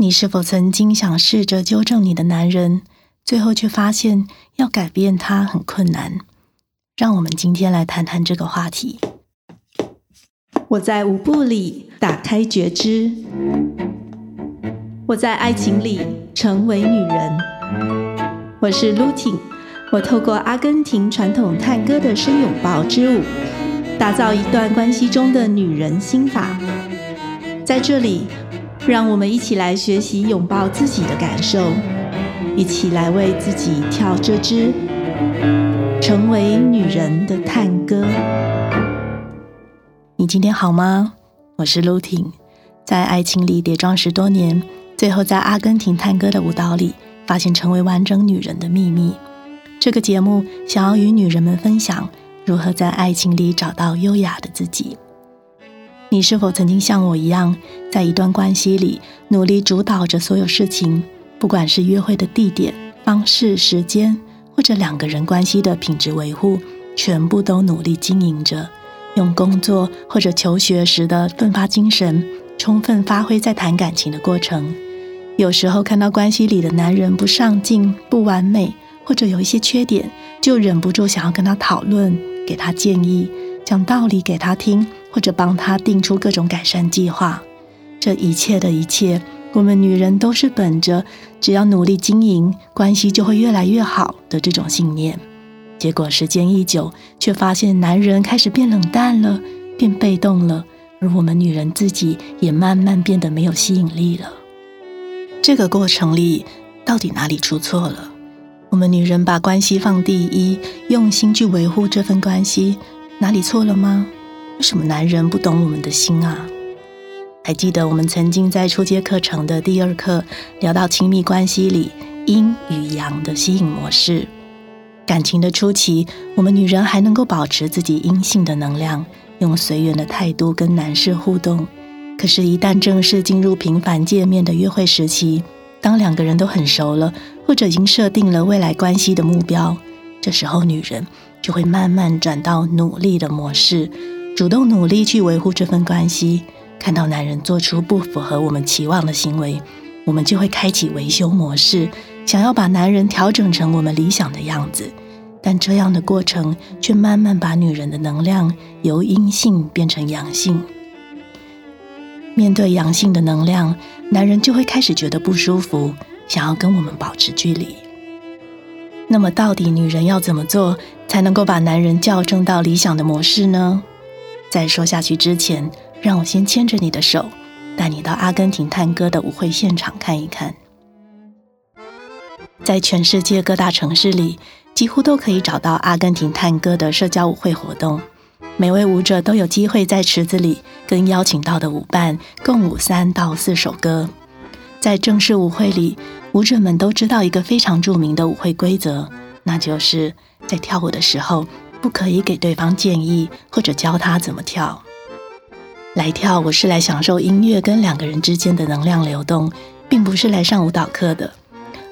你是否曾經想試着糾正你的男人，最後卻發現要改變他很困難？讓我們今天來談談這個話題。我在舞步裡打開覺知，我在愛情裡成為女人。我是 Lutin，我透過阿根廷傳統探戈的深擁抱之舞，打造一段關係中的女人心法。在這裡。讓我們一起來學習擁抱自己的感受，一起來為自己跳這支《成為女人的探戈》。你今天好嗎？我是露婷，在愛情裡跌撞十多年，最後在阿根廷探戈的舞蹈裡，發現成為完整女人的秘密。這個節目想要與女人們分享，如何在愛情裡找到優雅的自己。你是否曾經像我一樣，在一段關係裡努力主導着所有事情，不管是約會的地點、方式、時間，或者兩個人關係的品質維護，全部都努力經營着，用工作或者求學時的奮發精神，充分發揮在談感情的過程。有時候看到關係裡的男人不上進、不完美，或者有一些缺點，就忍不住想要跟他討論，給他建議，講道理給他聽。或者幫他定出各種改善計劃，這一切的一切，我們女人都是本着只要努力經營，關係就會越來越好的這種信念。結果時間一久，卻發現男人開始變冷淡了，變被動了，而我們女人自己也慢慢變得沒有吸引力了。這個過程裡到底哪裡出錯了？我們女人把關係放第一，用心去維護這份關係，哪裡錯了嗎？為什麼男人不懂我們的心啊？還記得我們曾經在初階課程的第二課聊到親密關係裡陰與陽的吸引模式。感情的初期，我們女人還能夠保持自己陰性的能量，用隨緣的態度跟男士互動。可是，一旦正式進入頻繁見面的約會時期，當兩個人都很熟了，或者已經設定了未來關係的目標，這時候女人就會慢慢轉到努力的模式。主動努力去維護這份關係，看到男人做出不符合我們期望的行為，我們就會開啟維修模式，想要把男人調整成我們理想的樣子。但這樣的過程卻慢慢把女人的能量由陰性變成陽性。面對陽性的能量，男人就會開始覺得不舒服，想要跟我們保持距離。那麼，到底女人要怎麼做才能夠把男人校正到理想的模式呢？再說下去之前，讓我先牽着你的手，帶你到阿根廷探戈的舞會現場看一看。在全世界各大城市裡，幾乎都可以找到阿根廷探戈的社交舞會活動。每位舞者都有機會在池子裡跟邀請到的舞伴共舞三到四首歌。在正式舞會裡，舞者們都知道一個非常著名的舞會規則，那就是在跳舞的時候，不可以給對方建議或者教他怎麼跳。來跳，我是來享受音樂跟兩個人之間的能量流動，並不是來上舞蹈課的。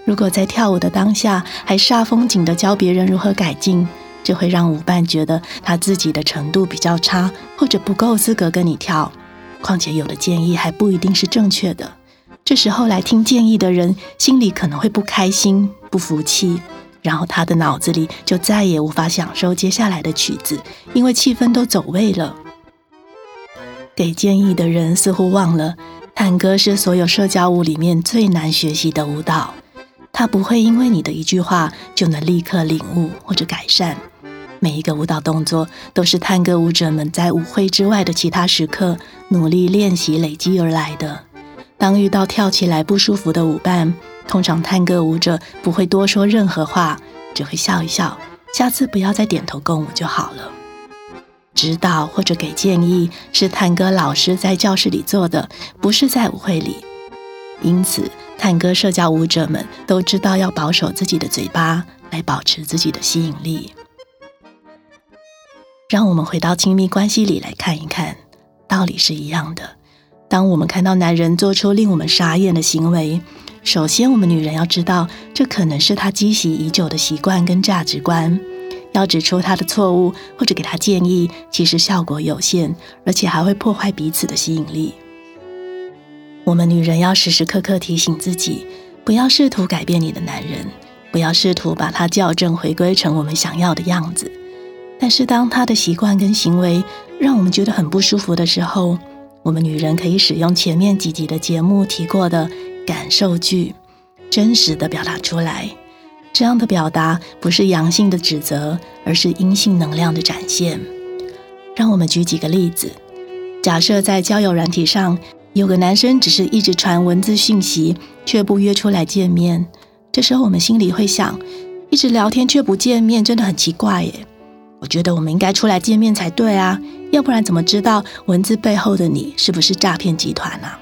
如果在跳舞的當下還煞風景地教別人如何改進，就會讓舞伴覺得他自己的程度比較差，或者不夠資格跟你跳。況且有的建議還不一定是正確的。這時候來聽建議的人，心裡可能會不開心、不服氣。然後他的腦子裡就再也無法享受接下來的曲子，因為氣氛都走位了。給建議的人似乎忘了，探戈是所有社交舞裡面最難學習的舞蹈。他不會因為你的一句話就能立刻領悟或者改善。每一個舞蹈動作都是探戈舞者們在舞會之外的其他時刻努力練習累積而來的。當遇到跳起來不舒服的舞伴，通常探戈舞者不會多說任何話，只會笑一笑。下次不要再點頭共舞就好了。指導或者給建議是探戈老師在教室裡做的，不是在舞會裡。因此，探戈社交舞者們都知道要保守自己的嘴巴，來保持自己的吸引力。讓我們回到親密關係裡來看一看，道理是一樣的。當我們看到男人做出令我們傻眼的行為，首先，我們女人要知道，這可能是她積習已久的習慣跟價值觀。要指出她的錯誤或者給她建議，其實效果有限，而且還會破壞彼此的吸引力。我們女人要時時刻刻提醒自己，不要試圖改變你的男人，不要試圖把他校正回歸成我們想要的樣子。但是，當他的習慣跟行為讓我們覺得很不舒服的時候，我們女人可以使用前面幾集的節目提過的。感受句，真實的表達出來。這樣的表達不是陽性的指責，而是陰性能量的展現。讓我們舉幾個例子。假設在交友軟體上，有個男生只是一直傳文字訊息，卻不約出來見面。這時候我們心裡會想：一直聊天卻不見面，真的很奇怪耶。我覺得我們應該出來見面才對啊，要不然怎麼知道文字背後的你是不是詐騙集團呢、啊？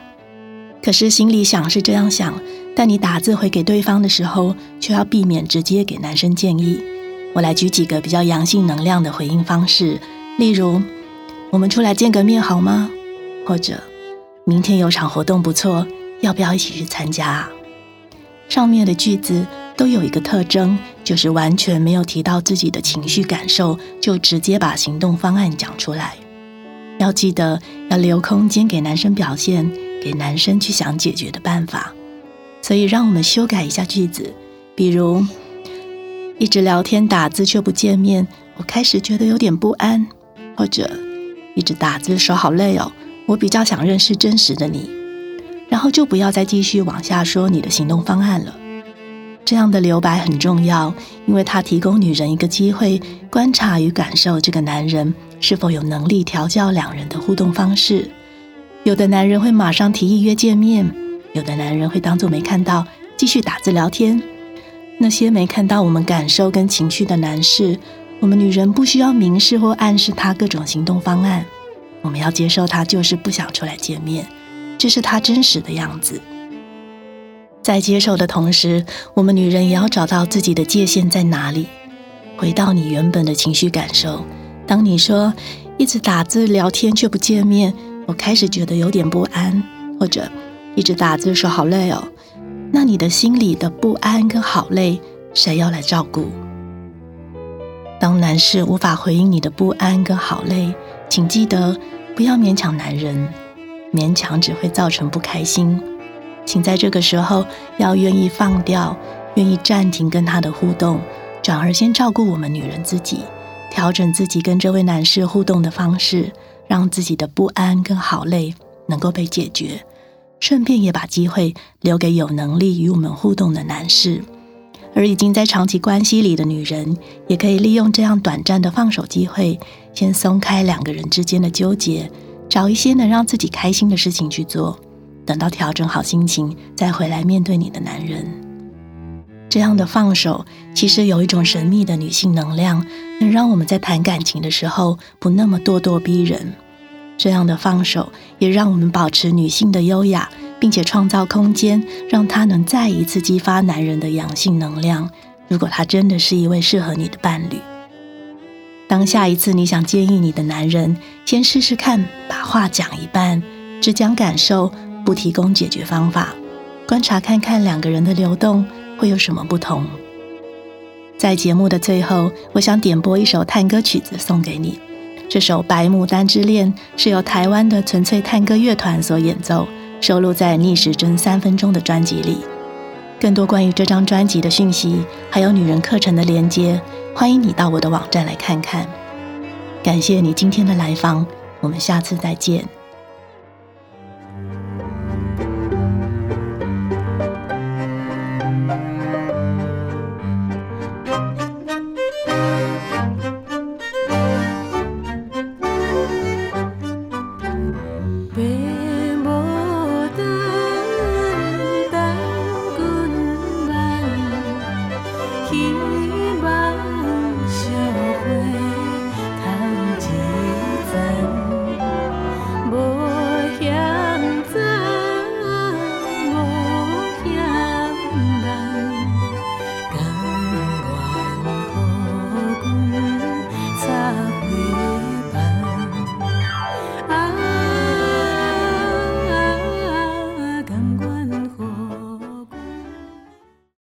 可是心裡想是這樣想，但你打字回給對方的時候，卻要避免直接給男生建議。我來舉幾個比較陽性能量的回應方式，例如：我們出來見個面好嗎？或者，明天有場活動不錯，要不要一起去參加啊？上面的句子都有一個特徵，就是完全沒有提到自己的情緒感受，就直接把行動方案講出來。要記得要留空間給男生表現。給男生去想解決的辦法，所以讓我們修改一下句子，比如一直聊天打字卻不見面，我開始覺得有點不安；或者一直打字手好累哦，我比較想認識真實的你。然後就不要再繼續往下說你的行動方案了，這樣的留白很重要，因為它提供女人一個機會，觀察與感受這個男人是否有能力調教兩人的互動方式。有的男人會馬上提議約見面，有的男人會當作沒看到，繼續打字聊天。那些沒看到我們感受跟情緒的男士，我們女人不需要明示或暗示他各種行動方案，我們要接受他就是不想出來見面，這是他真實的樣子。在接受的同時，我們女人也要找到自己的界限在哪裡，回到你原本的情緒感受，當你說一直打字聊天卻不見面，我開始覺得有點不安，或者一直打字說好累哦。那你的心裡的不安跟好累，誰要來照顧？當男士無法回應你的不安跟好累，請記得不要勉強男人，勉強只會造成不開心。請在這個時候要願意放掉，願意暫停跟他的互動，轉而先照顧我們女人自己，調整自己跟這位男士互動的方式。讓自己的不安跟好累能夠被解決，順便也把機會留給有能力與我們互動的男士。而已經在長期關係裡的女人，也可以利用這樣短暫的放手機會，先鬆開兩個人之間的糾結，找一些能讓自己開心的事情去做。等到調整好心情，再回來面對你的男人。這樣的放手，其實有一種神秘的女性能量，能讓我們在談感情的時候不那麼咄咄逼人。這樣的放手，也讓我們保持女性的優雅，並且創造空間，讓她能再一次激發男人的陽性能量。如果他真的是一位適合你的伴侶，當下一次你想建議你的男人，先試試看，把話講一半，只講感受，不提供解決方法，觀察看看兩個人的流動。會有什麼不同？在節目的最後，我想點播一首探戈曲子送給你。這首《白牡丹之戀》是由台灣的純粹探戈樂團所演奏，收錄在《逆時針三分鐘》的專輯裡。更多關於這張專輯的訊息，還有女人課程的連接，歡迎你到我的網站來看看。感謝你今天的來訪，我們下次再見。